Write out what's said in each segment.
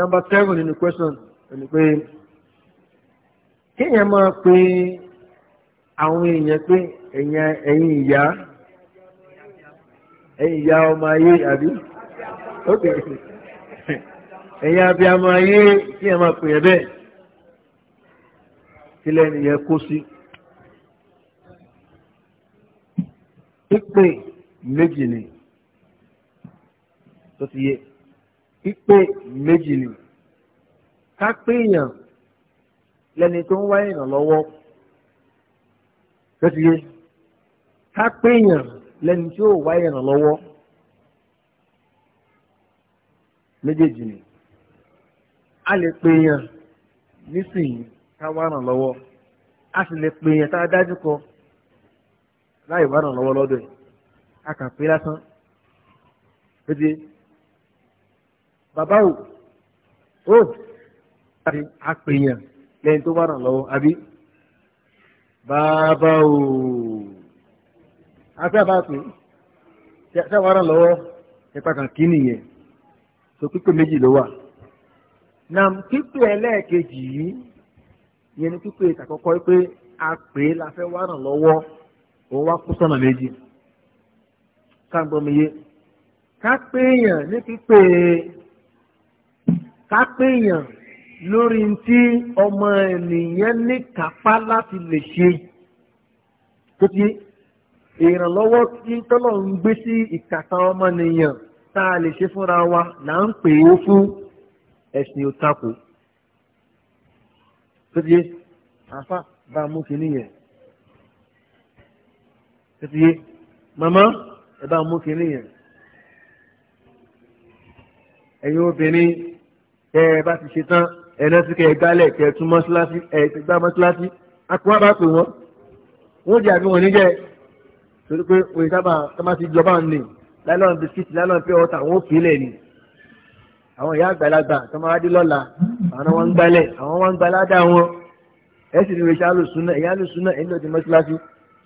number seven in the question ẹni pé kéèyàn máa pe àwọn èèyàn pé ẹ̀yin ìyá ẹ̀yin ìyá ọmọ ayé àbí ok ẹ̀yin abiyamọ ayé kéèyàn máa pè é bẹ́ẹ̀ kí lẹ́nu yẹn kó sí. pípé méjì ni tó ti yé pípé méjì ni ká pé èèyàn lẹni tó ń wá ìrànlọ́wọ́ lọ́sibí ká pé èèyàn lẹni tí ó wá ìrànlọ́wọ́ méjèèjì ni a lè pè yàn nísìnyí ká wá ràn lọ́wọ́ a sì lè pè yàn tá a dájú kọ láì wá ràn lọ́wọ́ lọ́dọ̀ ẹ̀ a kàn pé lásán pété bàbá ò ó àti àpèyàn lẹ́yìn tó bá ràn lọ́wọ́ àbí bàbá ò àti àbápè tí a bá ràn lọ́wọ́ nípa kan kí nìyẹn tó pípé méjì ló wà nà pípé ẹlẹ́ẹ̀kejì yìí yẹn ni pípé ìtàkọ́kọ́ pé a pè é la fẹ́ wá ràn lọ́wọ́ òun wá kó sọ́nà méjì ká gbọ́ mi yé ká pé èèyàn ní pípé kápéèyàn lórí tí ọmọ ènìyàn ní kápá láti lè ṣe tó ti ìrànlọ́wọ́ tí tọ́lọ̀ ń gbé sí ìkàtà ọmọnìyàn tá a lè ṣe fúnra wa là ń pè é fún ẹ̀sìn òtakò tó ti àfa bá a mú kínní yẹn tó ti màmá ẹ bá a mú kínní yẹn ẹ̀yin obìnrin tẹ́ ẹ bá ti ṣe tán ẹ̀nẹ́sí kẹ́ ẹ gbálẹ̀ kẹ́ ẹ tún mọ́ṣáláṣí ẹ ti gbá mọ́ṣáláṣí akọ́ bá pè wọ́n wọ́n jẹ́ àbí wọn níjẹ́ torí pé òye sábà sábà ti jọba ń nì láìlọ́n bisikíìtì láìlọ́n pé ọ̀tà àwọn òkè lẹ̀ ni àwọn ìyá àgbàlagbà tọmọ adé lọ́la àwọn wọn ń gbálẹ̀ àwọn wọn ń gbaládà wọn ẹ sì ní ìrẹsì alùsùnà ẹ̀yà alùsùnà ẹ̀yìn lọ́ọ́ ti mọ́ṣáláṣí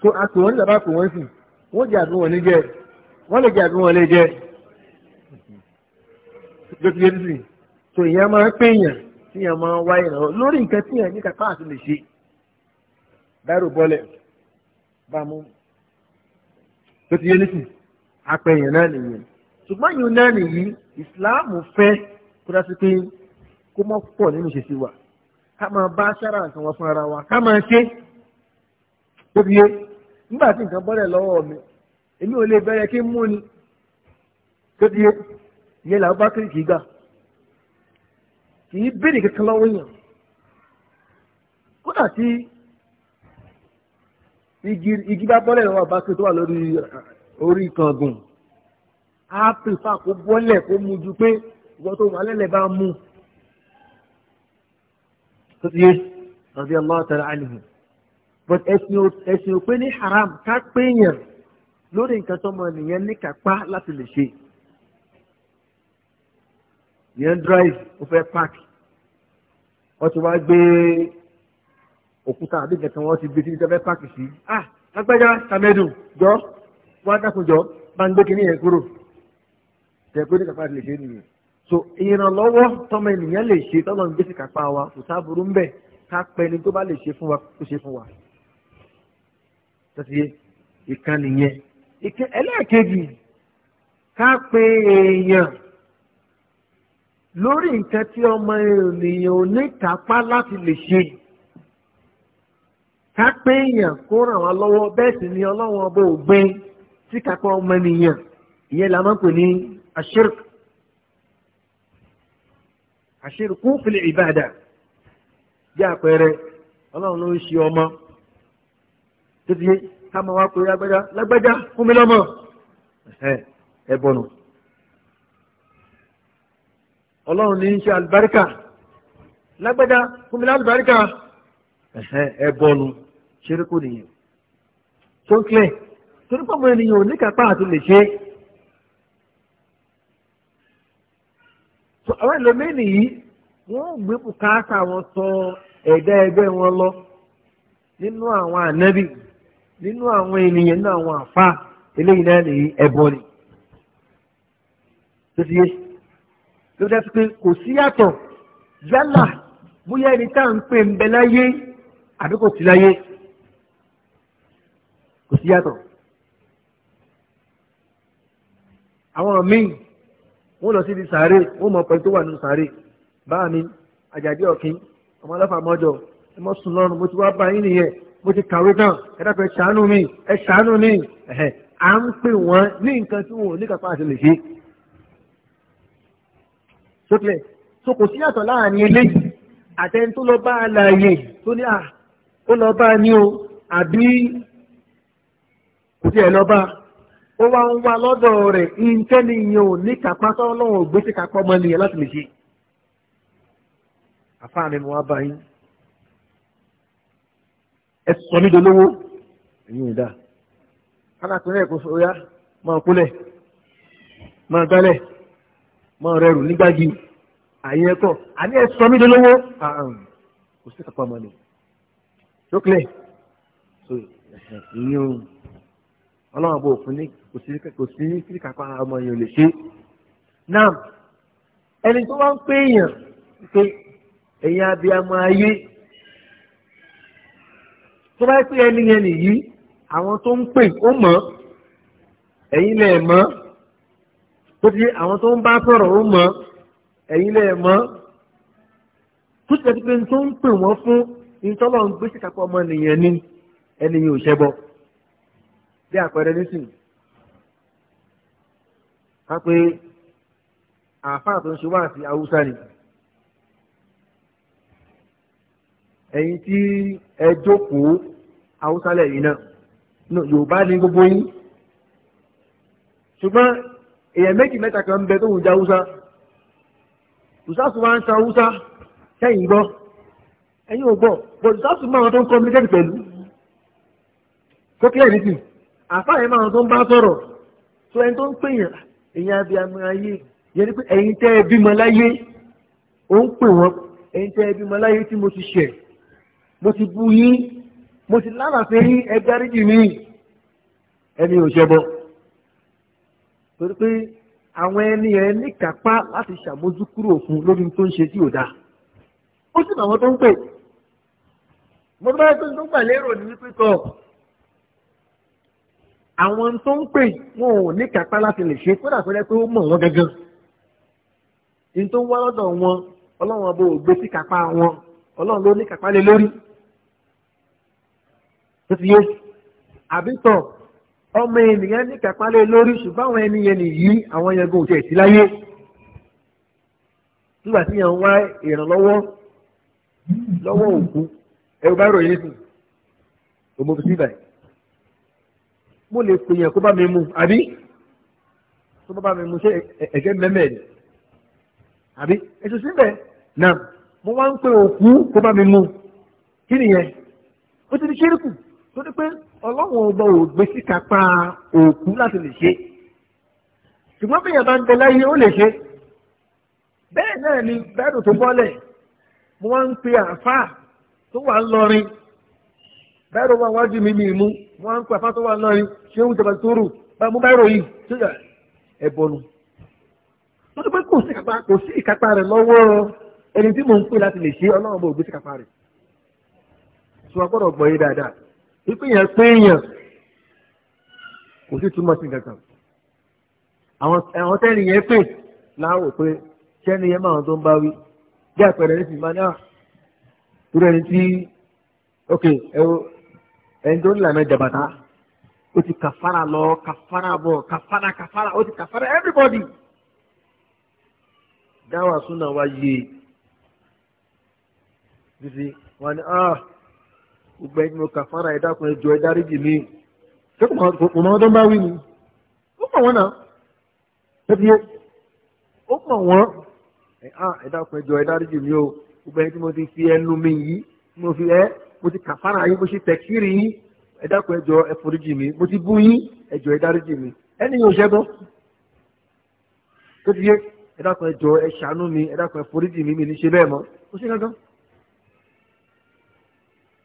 kó akọ̀ wọn nígbà bá kọ̀ wọn sìn wọ́n jẹ́ àbí wọn níjẹ́ wọ́n lè jẹ́ àbí wọn lè jẹ́ lótìlẹ́sìn so ìyẹn máa ń pèèyàn tí ìyẹn máa ń wá ìrànwọ́ lórí nǹkan tí ìyẹn ní kápá àti lè ṣe báyìí bọ́lẹ̀ bá mú tó ti yé nísìn apẹ̀yàn náà nìyẹn ṣùgbọ́n ìyẹn náà nìyí ìsìláàmù fẹ́ kó dá sí pé kó mọ́ pọ̀ nínú ìṣesí wa ká máa bá sára nǹkan wọn fún ara wa ká máa ṣe tó fi yé nígbà tí nǹkan bọ́lẹ̀ lọ́wọ́ mi èmi ò lè bẹ̀rẹ̀ kí n mú ni tó fi yé ìyẹn làwọn bá kiri kì í gbà kì í béèrè kankan lọ́wọ́ èèyàn kódà tí igi bá bọ́lẹ̀ lọ́wọ́ àbá tó wà lórí uh, orí kàngùn á pèfà kó bọ́lẹ̀ kó mu ju pé ìwọ tó wà lẹ́lẹ̀ bá mu tó ti yé radi Allah ta'ala anhu but ẹ̀sìn òpé ní haram ká pé yàn lórí nǹkan tó mọ nìyẹn ní kápá láti lè ṣe yẹn drive ó fẹ́ park wọ́n ti wá gbé òkúta àbí ìgbà kan wọ́n ti gbé síbi tó fẹ́ park sí ah agbẹ́jà tàmẹ́dù jọ wá dákun jọ bá ń gbé kínní yẹn kúrò tẹ̀kọ́ ní kápá lè ṣe nìyẹn so ìrànlọ́wọ́ tọmọ ènìyàn lè ṣe tọ́lọ́ ní gbèsè kápá wa kò sáàbùrú ń bẹ̀ ká pẹ́ ni tó bá lè ṣe fún wa kó ṣe fún wa. tọ́sí ìkànnì yẹn ẹlẹ́ẹ̀kejì ká pe èèyàn lórí nǹkan tí ọmọ ènìyàn ò ní kápá láti lè ṣe ká pé èèyàn kó ràn wá lọ́wọ́ bẹ́ẹ̀ sì ni ọlọ́run ọba ò gbé sí kápá ọmọ ènìyàn ìyẹn la máa ń pè ní àṣírk àṣírkú fil ìbàdà bí àpẹẹrẹ ọlọ́run ló ń ṣe ọmọ títí ká máa wá pé lágbájá lágbájá fún mi lọ́mọ ẹ bọ̀nù. ọlọ́run ní í ṣe àlùbáríkà lágbádá fún mi lálùbáríkà ẹ bọ́ọ̀nù ṣerékò nìyẹn tó ń kílẹ̀ torí pọ́nmọ́ ènìyàn ò ní kápá àti lè ṣe. àwọn ìlòmíì wọ́n gbé bùkátà wọn sọ ẹ̀dá ẹgbẹ́ wọn lọ nínú àwọn ànábì nínú àwọn ènìyàn nínú àwọn àfa eléyìí náà nìyí ni. ló dẹ́ pé kò sí yàtọ̀ yálà bóyá ẹni tá à ń pè ń bẹ láyé àbí kò sí láyé kò sí yàtọ̀. àwọn míì wọ́n lọ sí di sàárè wọ́n mọ pẹ̀lú tó wà nínú sàárè báà mi àjàdí ọ̀kín ọmọ aláfà mọ́jọ ẹ mọ́ sùn lọ́rùn mo ti wá bá yín nìyẹn mo ti kàwé tán ẹ dákun ṣàánú mi ẹ ṣàánú mi à ń pè wọ́n ní nǹkan tí wọn ò ní kápá àti lè ṣe sókè so kò sí yàtọ̀ láàrin ilé àtẹni tó lọ bá àlàyé tó ní à ah, ó lọ bá ní o àbí kò tiẹ̀ lọ bá ó wá ń wá lọ́dọ̀ rẹ̀ ìǹtẹ́niyàn ò ní kápá tọ́lọ́wọ̀n ò gbé kápá ọmọ nìyẹn láti lè ṣe àfáà nínú wa bá yín ẹ sọ mí dolówó ẹ̀yin ìdá alákùnrin ẹ̀kọ́ sọ ya máa kúlẹ̀ máa gbálẹ̀ mọ rẹrù nígbàgì àyè ẹkọ àní ẹsọ mi dolówó kò sí kápá ọmọ ni lókèlè so ìyẹn o ọlọ́run bò fún ní kò sí kò sí kí kápá ọmọ yẹn ò lè ṣe náà ẹni tó wá ń pè èèyàn pé ẹ̀yin abiyamọ ayé tó bá pè ẹni yẹn nìyí àwọn tó ń pè ó mọ̀ ẹ̀yin lẹ̀ mọ̀ tó ti àwọn tó ń bá sọ̀rọ̀ ó mọ̀ ẹ̀yin lẹ́ẹ̀ mọ́ tó ti ẹ̀ ti pé tó ń pè wọ́n fún ìtọ́lọ̀ ń gbé síkàpọ̀ ọmọ nìyẹn ni ẹni yìí ò ṣẹbọ bí àpẹẹrẹ nísìnyí ká pé àáfàá tó ń ṣe wáàsí haúsá ni ẹ̀yin tí ẹ jókòó haúsá lẹ́yìn náà yorùbá ní gbogbo yín ṣùgbọ́n èèyàn méjì mẹ́ta kan bẹ tó ń ja húsá ìsásù máa ń ta húsá sẹ́yìn gbọ́ ẹ̀yìn ò gbọ́ bọ̀ ìsásù máa tó ń communicate pẹ̀lú tó kí ẹ̀rí sí àfáàyè máa tó ń bá sọ̀rọ̀ tó ẹni tó ń pè yàn èèyàn abiyamọ ayé yẹn ni pé ẹ̀yin tẹ́ ẹ bímọ láyé ó ń pè wọ́n ẹ̀yin tẹ́ ẹ bímọ láyé tí mo ti ṣẹ̀ mo ti bu yín mo ti lálàfẹ́ yín ẹgbẹ́ àríjì mi ẹni ò ṣẹbọ torí pé àwọn ẹni ẹ níkàápá láti ṣàmójúkúrò òfin lórí tó ń ṣe tí ò dáa ó sì màwọn tó ń pè mo bá tó ń tó gbà lérò ní wípé tọ àwọn tó ń pè wọn ò níkàápá láti lè ṣe kódà pé pé ó mọ̀ wọ́n gangan ní tó ń wá lọ́dọ̀ wọn ọlọ́run ọba ò gbé sí kápá wọn ọlọ́run ló ní kápá lé lórí tó ti yé àbí tọ̀ ọmọ ènìyàn ní kàpálẹ̀ lórí ṣùgbọ́n àwọn ẹni yẹn nìyí àwọn yẹn gòkè sí láyé nígbà tí yẹn ń wá ìrànlọ́wọ́ lọ́wọ́ òkú ẹ̀rù bá ròyìn sùn òmò fi síbẹ̀ mo lè pè yẹn kó bá mi mu àbí tó bá bá mi mu ṣe ẹ̀jẹ̀ mẹ́mẹ́ ni àbí èso síbẹ̀ náà mo wá ń pè òkú kó bá mi mu kí nìyẹn ó ti di ṣírìkù torí pé ọlọ́run ọba ò gbé síta pa òkú láti lè ṣe ṣùgbọ́n bí yẹn bá ń bẹ láyé ó lè ṣe bẹ́ẹ̀ náà ni bẹ́ẹ̀dù tó bọ́lẹ̀ mo wá ń pe àáfàá tó wà ń lọrin bẹ́ẹ̀dù wà wájú mi ní ìmú mo wá ń pe àáfàá tó wà ń lọrin ṣé oúnjẹ bá tó rù bá mú báyìí ròyìn tó yà ẹ̀ bọ̀nù torí pé kò sí ìkápá rẹ̀ lọ́wọ́ ẹni tí mò ń pè láti lè ṣe ọlọ́run ọba ò gbé síkápá rẹ̀ ṣùgbọ́n gbọ́dọ̀ gbọ́ yé dáadáa pípé yẹn pé èèyàn kò sí túmọ̀ sí kankan àwọn àwọn tẹ́ni yẹn pè láwò pé tẹ́ni yẹn máa tó ń bá wí bí àpẹẹrẹ ní sinimá náà torí ẹni tí ok ẹni tó ń lànà jàbàtà ó ti kàfàrà lọ kàfàrà bọ̀ kàfàrà kàfàrà ó ti kàfàrà everybody dáwà súnà wá yé títí wọn ni ah gbogbo ẹni mo kà fara ẹ dákun ẹ jọ ẹ dáríjì mi ṣé kò mọ ọdún bá wí ni ó mọ wọn náà ṣé fi ó mọ wọn ah, ẹ dákun ẹ jọ ẹ dáríjì mi o gbogbo ẹni tí mo ti fi ẹnu mi yìí tí mo fi ẹ mo ti kà fara yín mo ṣe tẹkiri yín ẹ dákun ẹ jọ ẹ foríjì mi mo ti bú yín ẹ jọ ẹ dáríjì mi ẹni yóò ṣẹ́gun ṣé fi ẹ dákun ẹ jọ ẹ ṣàánú mi ẹ dákun ẹ foríjì mi mi ní ṣe bẹ́ẹ̀ mọ́ ó ṣe gángan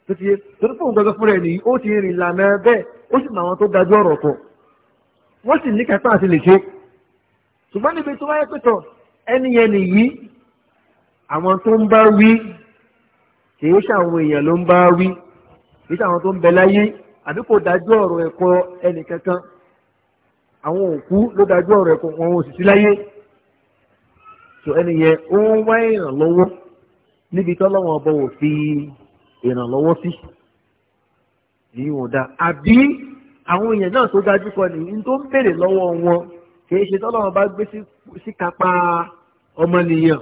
tó ti yé torí fóun gbọgbẹ fúnra ẹ̀ nìyí ó ti rìn ìlànà bẹ́ẹ̀ ó sì mọ àwọn tó dájú ọ̀rọ̀ kọ wọ́n sì ní kápá àti lè ṣe ṣùgbọ́n níbi tó wáyé pẹ̀tọ̀ ẹni yẹn nìyí àwọn tó ń bá wí kìí ṣe àwọn èèyàn ló ń bá wí kìí ṣe àwọn tó ń bẹ láyé àbí kò dájú ọ̀rọ̀ ẹ̀kọ́ ẹnì kankan àwọn òkú ló dájú ọ̀rọ̀ ẹ̀kọ́ wọn ò sì sí láyé tó ẹni yẹn ó ń wá ìrànlọ́wọ́ níbi tọ́lọ́wọ́n ọbọ̀ òfin ìrànlọ́wọ́ sí èyí wọn dá àbí àwọn èèyàn náà tó dájú kọ nìyí tó ń béèrè lọ́wọ́ wọn kì í ṣe tọ́lọ́wọ́n bá gbé sí kápá ọmọnìyàn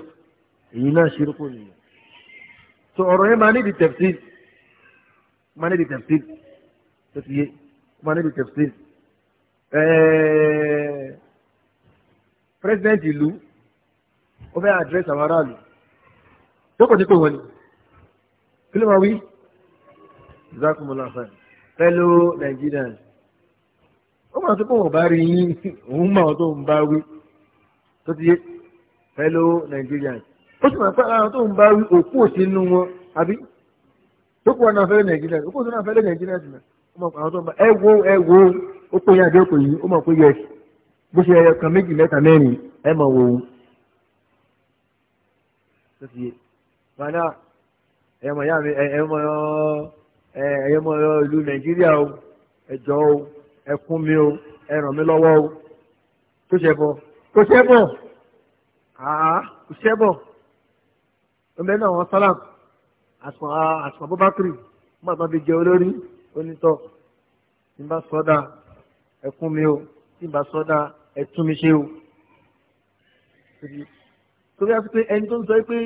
èyí náà ṣírúkú nìyẹn so ọ̀rọ̀ yẹn máa níbi tẹ̀fsí máa níbi tẹ̀fsí tó ti yé máa níbi tẹ̀fsí president ìlú ó fẹ́ àdírẹ́sì àwọn aráàlú jókòó ní kò wọ́n ni kí ló máa wí zakumula fan pẹ̀lú Nigerian ó máa tó kó wọn bá rí yín òun máa tó ń bá wí tó ti yé pẹ̀lú Nigerian ó sì máa pẹ́ àwọn tó ń bá wí òkú òsì nínú wọn àbí tó kó wọn náà fẹ́lẹ́ Nigerian òkú òsì náà fẹ́lẹ́ Nigerian sì náà ó máa pẹ́ àwọn tó ń bá ẹ wo ẹ wo ó pé yín àbí òkú yìí ó máa pé yẹ bó ṣe ẹyọ kan méjì mẹ́ta mẹ́rin ẹ máa wò ó tó ti yé ẹ̀yọ́mọ̀ ya mi ẹ̀yọ́mọ̀ ẹ̀yọ́mọ̀ ìlú nàìjíríà o ẹ̀jọ̀ o ẹ̀kún mi o ẹ̀ràn mi lọ́wọ́ o tó ṣe bọ̀ tó ṣe bọ̀ àá kò ṣe bọ̀ ọmọ ẹ̀ náà wọn sálà àsùn àsùn abubakar má má fi jẹ olórí onítọ̀ tí n bá sọ́dà ẹ̀kún mi o tí n bá sọ́dà ẹ̀tún mi ṣe o torí a ti pé ẹni tó ń sọ pé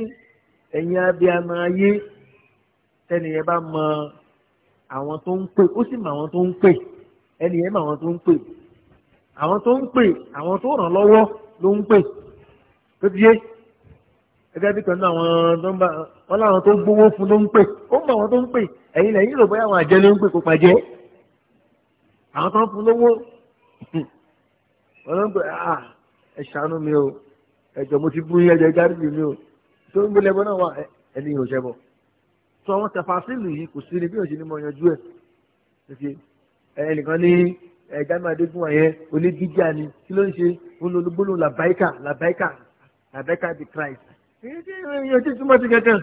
ẹ̀yin abiyamọ ayé tẹ́niyẹn bá mọ àwọn tó ń pè ó sì mọ àwọn tó ń pè ẹniyẹn mọ àwọn tó ń pè àwọn tó ń pè àwọn tó ràn lọ́wọ́ ló ń pè tó ti yé gẹ́gẹ́ bí kan náà àwọn tó ń bá wọn láwọn tó gbówó fún ló ń pè ó mọ àwọn tó ń pè ẹ̀yin lẹ́yìn rò bóyá àwọn àjẹ́ ló ń pè kó pàjẹ́ àwọn tó ń fún lówó wọn ló ń pè ah ẹ ṣàánú mi o ẹ̀jọ̀ mo ti bú yín ẹ̀jọ̀ gárí mi o tó ń gbélé ẹbọ náà wà ẹni yóò ṣẹbọ sọ àwọn tẹfasílù yìí kò sí ni bí òṣèlú mọ yanjú ẹ ẹnìkan ní ẹjáde adégún àyẹn onígíjà ni kí ló ń ṣe olólùgbòlò làbáíkà làbáíkà làbáíkà the Christ èyí tí èèyàn ti túmọ̀ sí kankan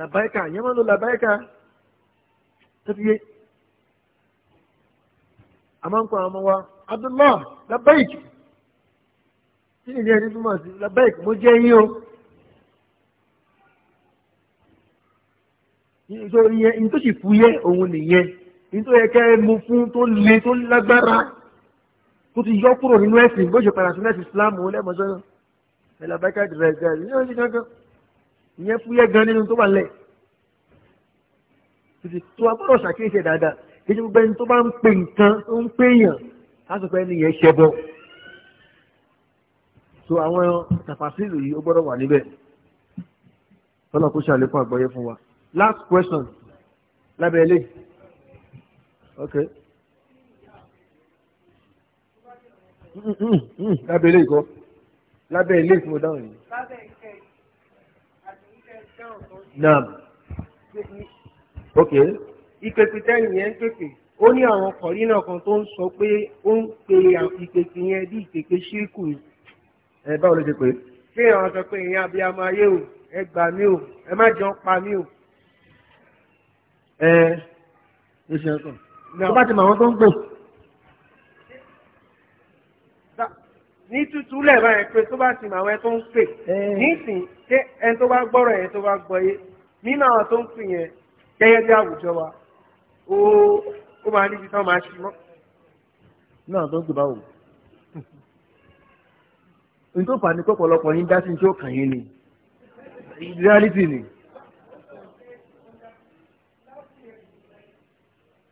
làbáíkà yẹn máa ń lo làbáíkà tẹ́tíyé a máa ń kọ́ àwọn ọmọ wa Abdullah làbáíkì kí ni ìdí ẹni túmọ̀ sí làbáíkì mo jẹ́ yín o. nítorí yẹn ní tó sì fúyẹ́ òun nìyẹn nítorí yẹ kẹ́ mu fún tó le tó lágbára tó ti yọ kúrò nínú ẹ̀sìn bó ṣe padà sí ẹ̀sìn Islam òun lẹ́mọ̀ọ́sọ́ náà ẹ̀là bákà dìrẹ̀ gà ìyẹn ṣe kankan ìyẹn fúyẹ́ gan nínú tó wà lẹ̀ títí tó wà gbọ́dọ̀ ṣàkíyèsí ẹ̀ dáadáa kí ṣe gbogbo ẹni tó bá ń pè nǹkan tó ń pè yàn lásìkò ẹni yẹn ṣẹbọ so àwọn tàfàṣìlù yìí ó gbọ́dọ̀ wà níbẹ̀ tọ́lá kó ṣàlékún àgbọ́yé fún wa last question lábẹ́ ilé ok lábẹ́ ilé ìkọ́ lábẹ́ ilé ìfowó dáhùn yìí. naam ok ìpèpè tẹ́yìn yẹn ń pèpè ó ní àwọn kọ̀rí náà kan tó ń sọ pé ó ń pe ìpèpè yẹn bí ìpèpè ṣírkù ẹ báwo ló ṣe pé. ṣé àwọn sọ pé ìyẹn abiyamọ ayé o ẹ gbà mí o ẹ má jọ pa mí o ẹ ẹ ṣe ọkọ tó bá ti mọ àwọn tó ń pè. ní tútù lẹ́ẹ̀bá yẹn pé tó bá ti mọ àwọn ẹ tó ń pè nísìn ṣé ẹni tó bá gbọ́rọ̀ yẹn tó bá gbọ́ yé nínú àwọn tó ń pè yẹn gẹ́gẹ́ bí àwùjọ wa ó ó máa níbi tán máa ṣe mọ́. náà tó ń pè báwo n tó fà ní pọ̀pọ̀lọpọ̀ yín dá sí ní tí ó kàn yín ni reality ni.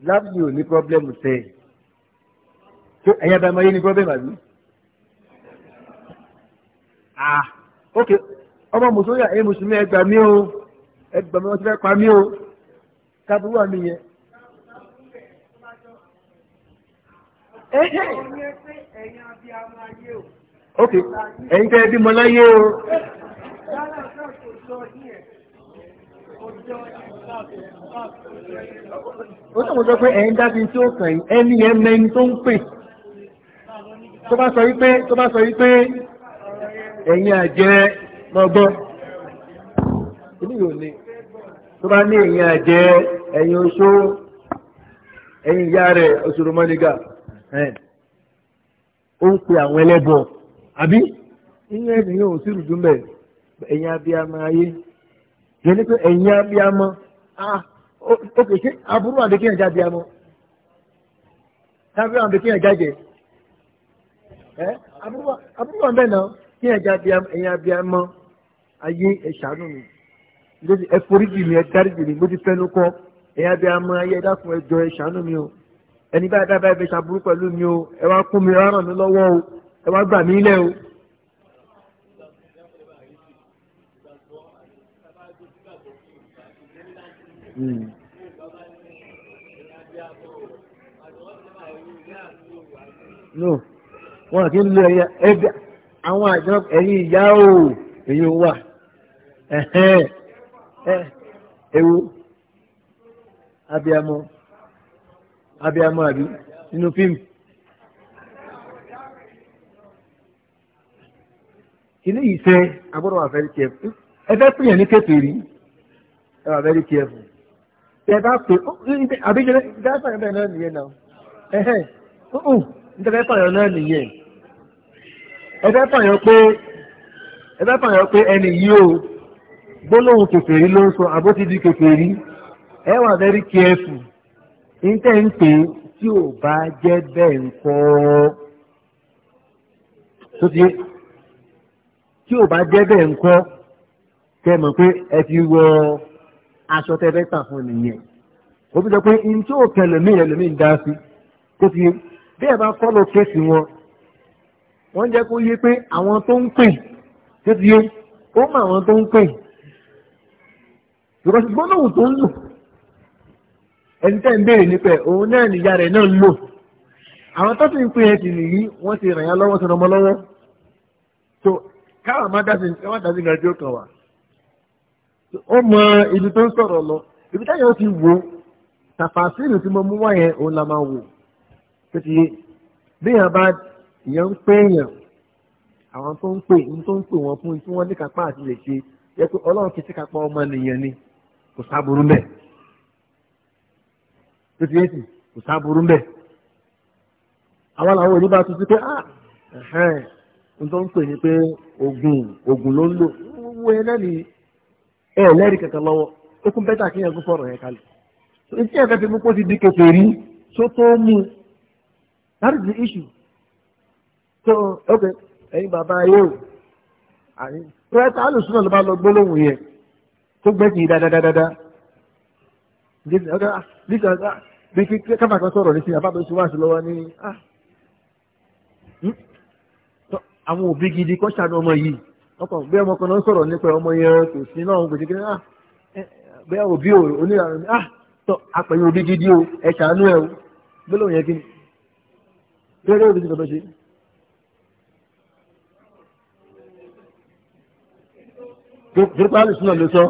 lábùlì ò ní pọ́blẹ́mù tẹ tó ẹ̀yà bá máa yé ní pọ́blẹ́mù àbí. ah ok ọmọ mùsùlùmí àyè mùsùlùmí ẹgbàá mi o ẹgbàá mi wọ́n ti fẹ́ pa mi o kábíwú àmì yẹn. ok ẹ̀yin tẹ́ ẹ bímọ láyé o. Yálà náà kò sọ yí ẹ̀ ọjọ́ ìgbà bẹ̀rẹ̀ ó sọ̀rọ̀ sọ pé ẹ̀yìn dábí tí ó kàn yí ẹni yẹn mẹ́ni tó ń pè tó bá sọ wípé tó bá sọ wípé ẹ̀yìn àjẹ́ lọ́gbọ́n ilé yóò ní tó bá ní ẹ̀yìn àjẹ́ ẹ̀yìn oṣó ẹ̀yìn ìyá rẹ̀ oṣòro mọ́nìgà ó ń pe àwọn ẹlẹ́bọ àbí ìyẹn ènìyàn ò sí rùdúmbẹ̀ ẹ̀yìn abiyamọ ayé yẹn ní pé ẹ̀yìn abiyamọ ah, ókè ṣé aburú àbí kéèyàn jáde amọ aburú àbí kéèyàn jáde ẹ aburú àbẹ náà kéèyàn jáde ẹ̀yìn àbí amọ ayé ẹ ṣàánú mi lórí ẹ foríjì mi ẹ dáríjì mi mo ti fẹnu kọ ẹ̀yìn àbí amọ ayé ẹ dákun ẹ jọ ẹ ṣàánú mi o ẹni báyìí dábàá ẹbẹ ṣàbúrú pẹ̀lú mi o ẹ wá kún mi ẹ wá ràn mí lọ́wọ́ o ẹ wá gbà mí lẹ́ o. Mm. no wọn kì í lo ẹyẹ ẹbí àwọn àjọ ẹ̀yin ìyá o èyí ò wà ewu abiamọ abiamọ àbí nínú fíìmù. ilé ìfẹ́ agbọ́dọ̀ wà very careful ẹfẹ́ pìyàn ní kékeré ẹ wà very careful tẹ bá pè àbíjẹ dáfà ẹ bẹ́ẹ̀ náà nìyẹn náà ẹ̀hẹ́ nítorí fàyàn náà nìyẹn ẹ fẹ́ fàyàn pé ẹ fẹ́ fàyàn pé ẹni yìí o gbólóhùn kèfèrí ló ń sọ àbó ti di kèfèrí ẹ wà very careful níta ń pè tí ò bá jẹ́ bẹ́ẹ̀ ń kọ́ tó ti tí ò bá jẹ́ bẹ́ẹ̀ ń kọ́ tẹ mọ̀ pé ẹ ti wọ aṣọ tẹ fẹ́ tà fún nìyẹn òbí sọ pé ní tí ò kẹlẹ̀ mí ẹlòmíì ń dá sí tó ti bí ẹ bá fọ́lọ̀ kéèsì wọn wọ́n jẹ́ kó yé pé àwọn tó ń pè tó ti yé ó mọ àwọn tó ń pè ìrọ̀sì gbọ́nàwò tó ń lò ẹni tẹ́ ń béèrè nípa ẹ̀ òun náà nìyá rẹ̀ náà ń lò àwọn tó ti ń pè yẹn sì nìyí wọ́n ti ràn yá lọ́wọ́ sí ọmọ lọ́wọ́ so káwọn má dásí káwọn dásí nǹkan tí ó kàn wá ó mọ ibi tó ń sọ̀rọ̀ lọ ibi táyà ó ti wò tàfàṣìlì tí mo mú wá yẹn òun la máa wò tó ti bí èèyàn bá èèyàn ń pé èèyàn àwọn tó ń pè ní tó ń pè wọn fún tí wọ́n ní kápá àti lè ṣe yẹ pé ọlọ́run ti síkápá ọmọ nìyẹn ni kò sáburú mbẹ tó ti yẹn sì kò sáburú mbẹ àwọn làwọn òní bá tuntun pé ah n tó ń pè ní pé oògùn oògùn ló ń lò wọ́n yẹn náà ni ẹ lẹ́rìí kankan lọ́wọ́ ó kún bẹ́tà kí yẹn kún fọ̀rọ̀ yẹn kalẹ̀ ìṣe ẹ̀fẹ́ fi mú kó ti di kékeré tó tó mú un. That the issue. So, okay, ẹ̀yin bàbá ayé o. Àní, pẹ́ẹ́tà alùsùn náà ló bá lọ gbólóhùn yẹn tó gbẹ́sìn yìí ah, ah, ah, bí kí kan sọ̀rọ̀ ní sí wáṣọ lọ́wọ́ ní hmm? àwọn òbí gidi kọ́ ṣàánú ọmọ yìí. Ọkàn bí ọmọ kan náà sọ̀rọ̀ nípa ọmọ yẹn kò sí náà eh, òbí tọ́ àpẹ̀yìn òbí gidi o ẹ̀ o yẹn kí ni. gẹ́gẹ́ bí ìjọba ṣe gbogbo alùsùn náà ló sọ